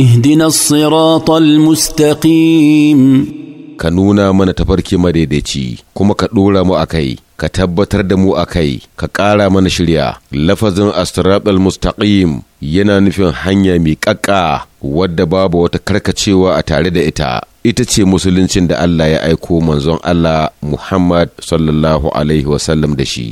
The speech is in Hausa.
اهدنا الصراط المستقيم ka nuna mana tafarki madaidaici kuma ka ɗora mu akai ka tabbatar da mu akai ka ƙara mana shirya lafazin astrabal mustaqim yana nufin hanya mai ƙaƙƙa wadda babu wata karkacewa a tare da ita ita ce musuluncin da Allah ya aiko manzon Allah Muhammad sallallahu alaihi wasallam da shi